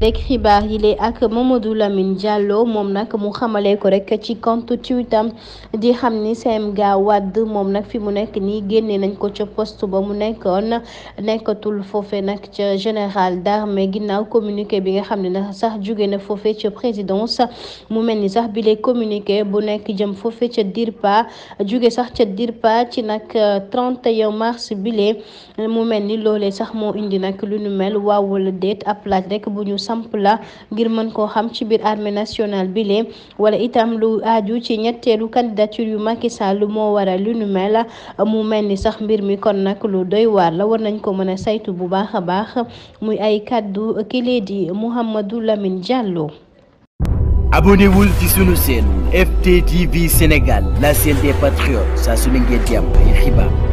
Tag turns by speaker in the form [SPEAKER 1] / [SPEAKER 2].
[SPEAKER 1] rek il est ak Mamadou Lamine Diallo moom nag mu xamalee ko rek ci compte Twitter di xam ni CMGA Wade moom nag fi mu nekk ni génne nañ ko ca poste ba mu nekkoon nekkatul foofe général d'armée ginnaaw communiqué bi nga xam sax na présidence mu mel sax bi communiqué bu nekk jëm DIRPA jóge sax DIRPA ci nag 31 euh, mars bi lee mu mel ni loolee sax moo indi nag mel rek tamp la ngir mën koo xam ci biir armée nationale bi lee wala itam lu aju ci ñetteelu candidature yu Macky Sall moo wara lu nu mu mel ni sax mbir mi kon nag lu doy waar la war nañ ko mën a saytu bu baax a baax muy ay kàddu kilee di Mouhamadou Lamine Diallo.
[SPEAKER 2] abonnewul ci sunu chaîne FTTV Sénégal la chaîne des patriotes saa su ngeen jàmm ay xibaar